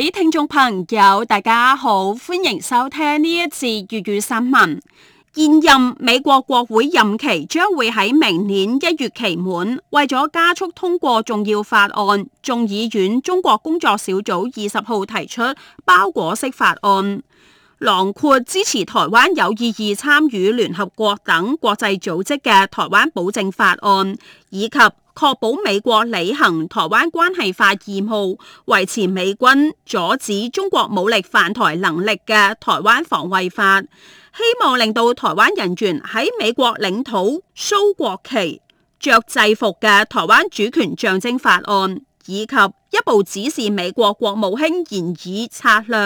各位聽眾朋友，大家好，歡迎收聽呢一次粵語新聞。現任美國國會任期將會喺明年一月期滿，為咗加速通過重要法案，眾議院中國工作小組二十號提出包裹式法案。囊括支持台灣有意義參與聯合國等國際組織嘅台灣保證法案，以及確保美國履行台灣關係法義務、維持美軍、阻止中國武力犯台能力嘅台灣防衛法，希望令到台灣人員喺美國領土豎國旗、着制服嘅台灣主權象徵法案。以及一部指示美國國務卿言以策略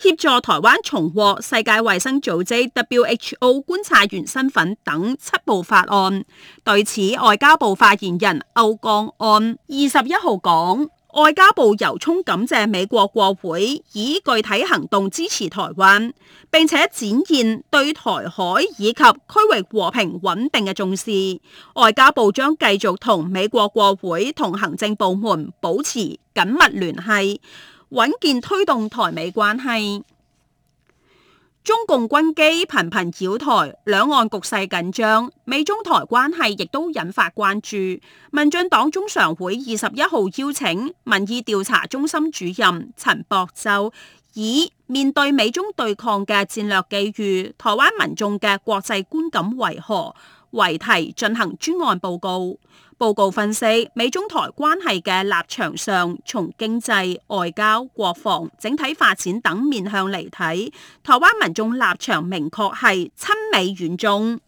協助台灣重獲世界衛生組織 WHO 觀察員身份等七部法案。對此，外交部發言人歐江安二十一號講。外交部由衷感謝美國國會以具體行動支持台灣，並且展現對台海以及區域和平穩定嘅重視。外交部將繼續同美國國會同行政部門保持緊密聯繫，穩健推動台美關係。中共軍機頻頻繞台，兩岸局勢緊張，美中台關係亦都引發關注。民進黨中常會二十一號邀請民意調查中心主任陳博州，以面對美中對抗嘅戰略機遇，台灣民眾嘅國際觀感為何？為題進行專案報告，報告分析美中台關係嘅立場上，從經濟、外交、國防、整體發展等面向嚟睇，台灣民眾立場明確係親美遠中。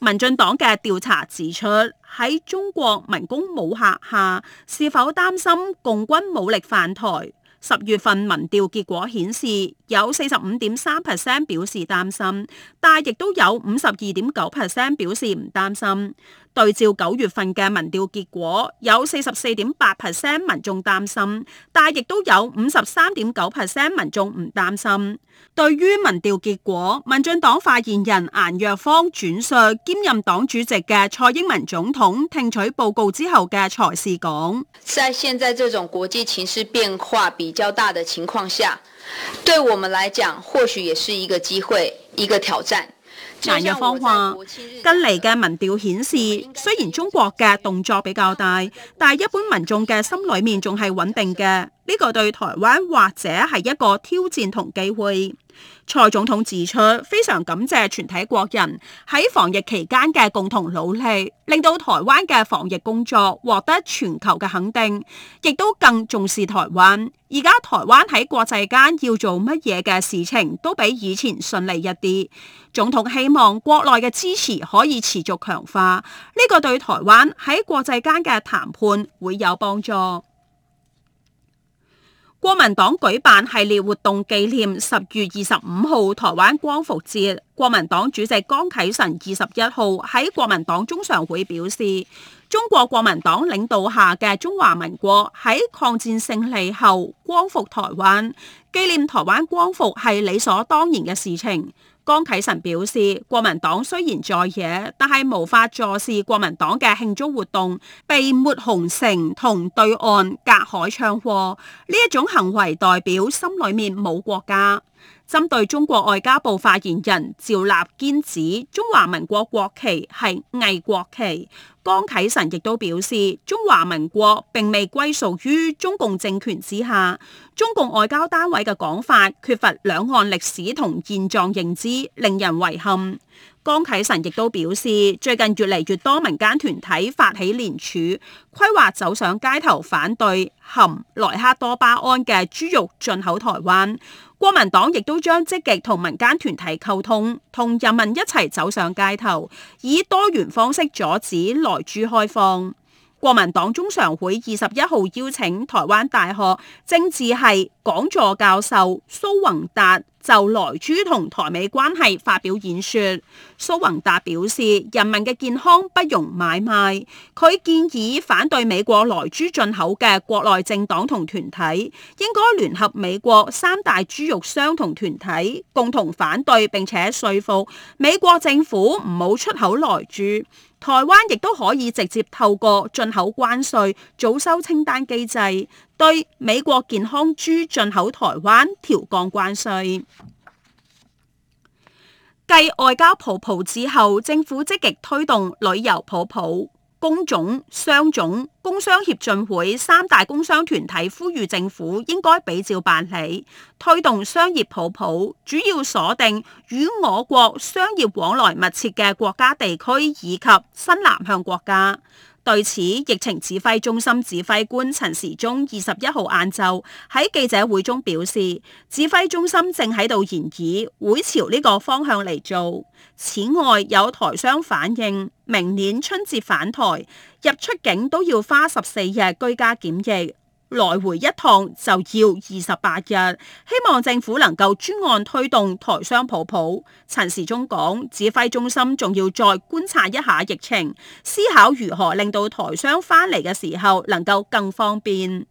民進黨嘅調查指出，喺中國文攻武吓下，是否擔心共軍武力犯台？十月份民調結果顯示，有四十五點三 percent 表示擔心，但亦都有五十二點九 percent 表示唔擔心。對照九月份嘅民調結果，有四十四點八 percent 民眾擔心，但亦都有五十三點九 percent 民眾唔擔心。對於民調結果，民進黨發言人顏若芳轉述兼任黨主席嘅蔡英文總統聽取報告之後嘅才是講：在現在這種國際情勢變化比較大的情況下，對我們來講，或許也是一個機會，一個挑戰。陳日方話：近嚟嘅民調顯示，雖然中國嘅動作比較大，但係一般民眾嘅心裏面仲係穩定嘅。呢個對台灣或者係一個挑戰同機會。蔡總統指出，非常感謝全體國人喺防疫期間嘅共同努力，令到台灣嘅防疫工作獲得全球嘅肯定，亦都更重視台灣。而家台灣喺國際間要做乜嘢嘅事情，都比以前順利一啲。總統希望國內嘅支持可以持續強化，呢個對台灣喺國際間嘅談判會有幫助。國民黨舉辦系列活動紀念十月二十五號台灣光復節。國民黨主席江啟臣二十一號喺國民黨中常會表示，中國國民黨領導下嘅中華民國喺抗戰勝利後光復台灣，紀念台灣光復係理所當然嘅事情。江啟臣表示，國民黨雖然在野，但係無法坐視國民黨嘅慶祝活動被抹紅成同對岸隔海唱和，呢一種行為代表心裏面冇國家。針對中國外交部發言人趙立堅指中華民國國旗係偽國旗，江啟臣亦都表示中華民國並未歸屬於中共政權之下，中共外交單位嘅講法缺乏兩岸歷史同現狀認知，令人遺憾。江啟臣亦都表示，最近越嚟越多民間團體發起聯署，規劃走上街頭反對含萊克多巴胺嘅豬肉進口台灣。國民黨亦都將積極同民間團體溝通，同人民一齊走上街頭，以多元方式阻止萊豬開放。國民黨中常會二十一號邀請台灣大學政治系，講座教授蘇宏達就萊豬同台美關係發表演說。蘇宏達表示，人民嘅健康不容買賣。佢建議反對美國萊豬進口嘅國內政黨同團體，應該聯合美國三大豬肉商同團體，共同反對並且說服美國政府唔好出口萊豬。台灣亦都可以直接透過進口關稅早收清單機制，對美國健康豬進口台灣調降關稅，繼外交泡泡之後，政府積極推動旅遊泡泡，工總、商總、工商協進會三大工商團體呼籲政府應該比照辦理，推動商業泡泡，主要鎖定與我國商業往來密切嘅國家地區以及新南向國家。對此，疫情指揮中心指揮官陳時中二十一號晏晝喺記者會中表示，指揮中心正喺度研議，會朝呢個方向嚟做。此外，有台商反映，明年春節返台入出境都要花十四日居家檢疫。來回一趟就要二十八日，希望政府能夠專案推動台商泡泡。陳時中講，指揮中心仲要再觀察一下疫情，思考如何令到台商翻嚟嘅時候能夠更方便。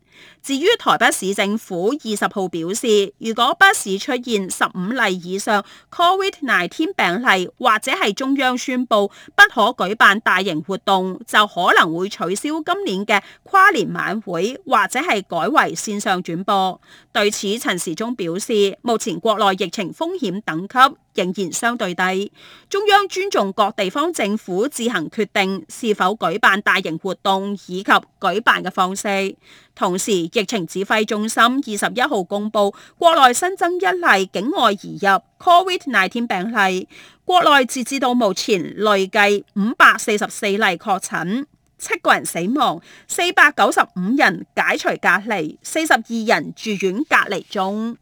至於台北市政府二十號表示，如果北市出現十五例以上 COVID-19 病例，或者係中央宣布不可舉辦大型活動，就可能會取消今年嘅跨年晚會，或者係改為線上轉播。對此，陳時中表示，目前國內疫情風險等級仍然相對低，中央尊重各地方政府自行決定是否舉辦大型活動以及舉辦嘅方式，同時。疫情指揮中心二十一號公布，國內新增一例境外移入 COVID-19 病例，國內截至到目前累計五百四十四例確診，七個人死亡，四百九十五人解除隔離，四十二人住院隔離中。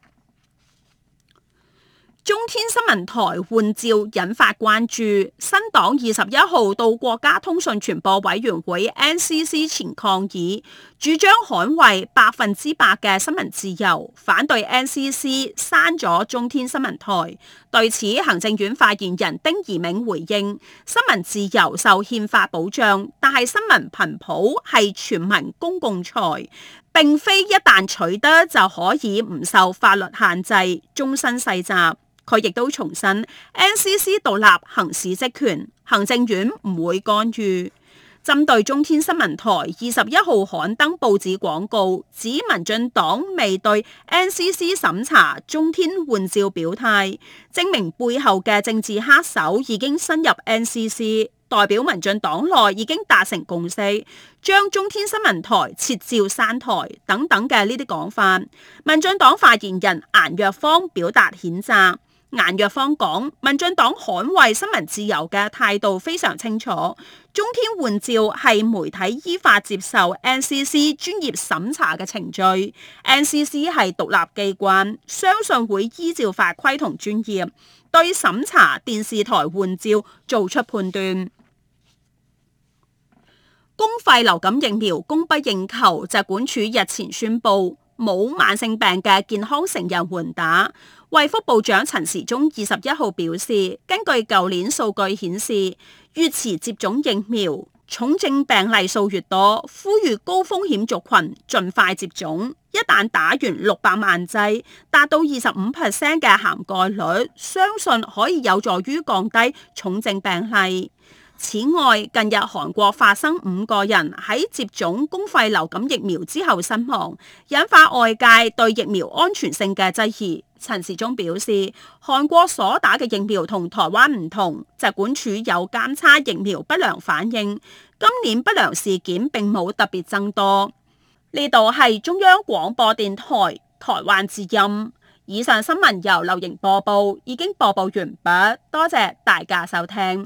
中天新聞台換照引發關注，新黨二十一號到國家通訊傳播委員會 NCC 前抗議，主張捍衛百分之百嘅新聞自由，反對 NCC 刪咗中天新聞台。對此，行政院發言人丁怡銘回應：新聞自由受憲法保障，但係新聞頻譜係全民公共財，並非一旦取得就可以唔受法律限制，終身世襲。佢亦都重申，NCC 獨立行使職權，行政院唔會干預。針對中天新聞台二十一號刊登報紙廣告，指民進黨未對 NCC 審查中天換照表態，證明背後嘅政治黑手已經深入 NCC，代表民進黨內已經達成共識，將中天新聞台撤照刪台等等嘅呢啲講法，民進黨發言人顏若芳表達譴責。顏若芳講：民進黨捍衛新聞自由嘅態度非常清楚。中天換照係媒體依法接受 NCC 專業審查嘅程序，NCC 係獨立機關，相信會依照法規同專業對審查電視台換照做出判斷。公費流感疫苗供不應求，疾管署日前宣布。冇慢性病嘅健康成人，緩打。衛福部長陳時中二十一號表示，根據舊年數據顯示，越遲接種疫苗，重症病例數越多。呼籲高風險族群盡快接種，一旦打完六百萬劑達到二十五 percent 嘅涵蓋率，相信可以有助於降低重症病例。此外，近日韓國發生五個人喺接種公費流感疫苗之後身亡，引發外界對疫苗安全性嘅質疑。陳時中表示，韓國所打嘅疫苗同台灣唔同，疾管署有監測疫苗不良反應，今年不良事件並冇特別增多。呢度係中央廣播電台台灣之音，以上新聞由流盈播報，已經播報完畢，多謝大家收聽。